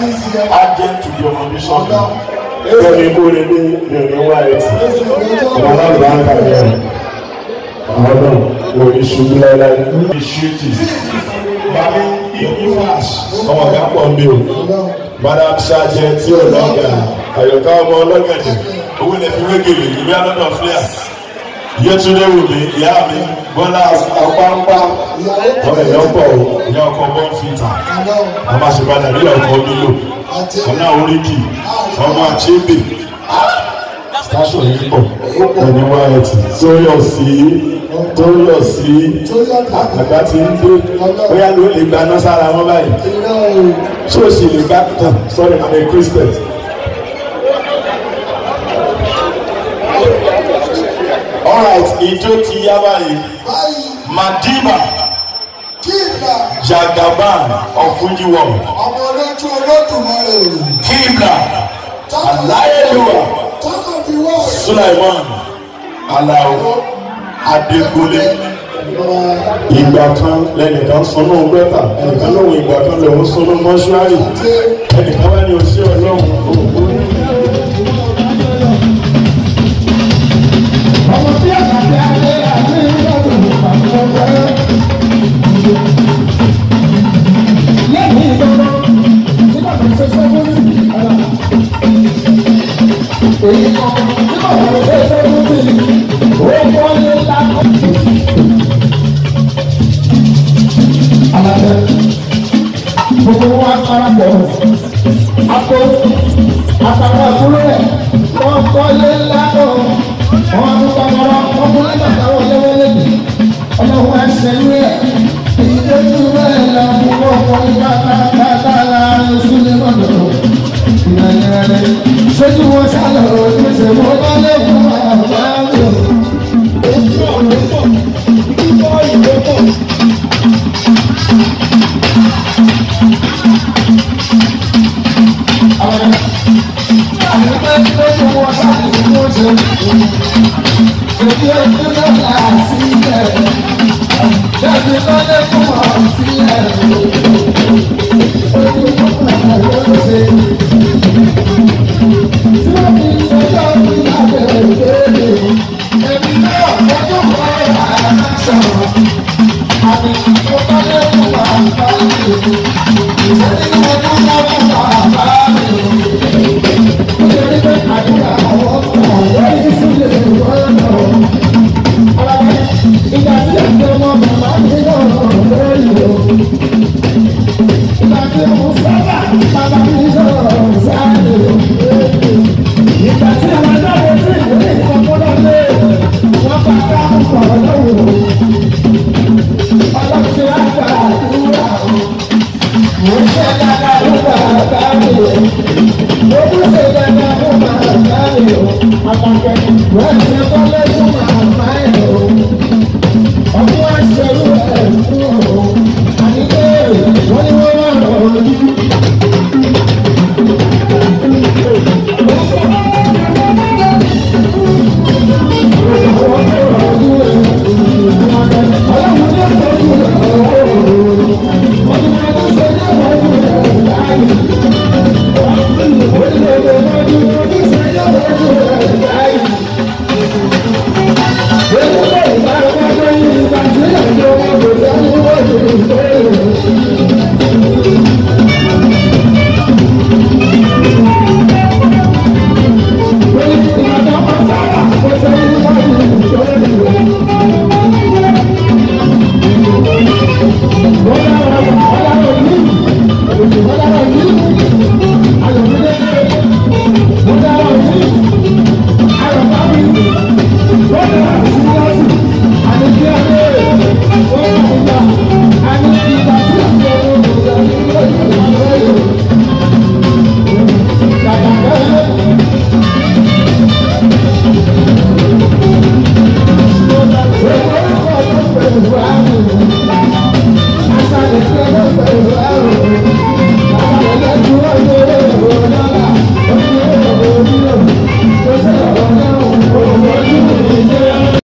add them to your ambition lórí ìkórè ní ìrìn wá ẹtì ọmọ àgbà ń kàwé ẹ ọdún lórí ìṣubú láíláí. ìṣútì bàbá ìfàs ọmọ ọgá pọ̀ ń bí o madam sajẹ tí ò lọ́gà àyọ̀ká ọmọ ọlọ́gàdì owó ilẹ̀ fi wégele ìlú àdọ́dọ̀ fúlẹ̀ yẹtúndé wùmí ìyá mi bọ́lá apáńpá ọmọ ìyá ọkọ̀ ìyá ọkọ̀ ọmọ fìtà ọmọ àṣepàdà rí ọkọ nílò ọ̀nà oríkì ọmọ àchébè station yìí pọ̀ ẹni wá ẹtì tó yọ sí tó yọ sí àgbà tí ń dé bóyá ló lè gbaná sára wọn báyìí ṣóòṣì lè gbá tán sorry I'm a Christian. all right ìjó ti yá báyìí màdìmà. Jagaban of Fujiwam. Ọmọ olójú olódùmarè. Kibla. Aláyélúwà. Tákàdíwá. Sulaiman. Alao. Adégbólé. Ìgbà kan lẹ́nìkan sọnù gbẹ́ta, ẹnìkan lóhùn ìgbà kan lòún sọnù mọ́ṣúárì, ẹnìkan wá ní oṣù ọlọ́run òkú. Ọmọ tí a èyí kan nígbà tó lè fẹ́ fẹ́ fún mi ó kọ́ lé lákọ́. alábẹ́ gbogbo wa parapọ̀ akó Gbogbo ẹgbẹ́ náà àti ìbẹ̀rẹ̀. Jáde lọ́lẹ́kùn. Thank you. Vamos!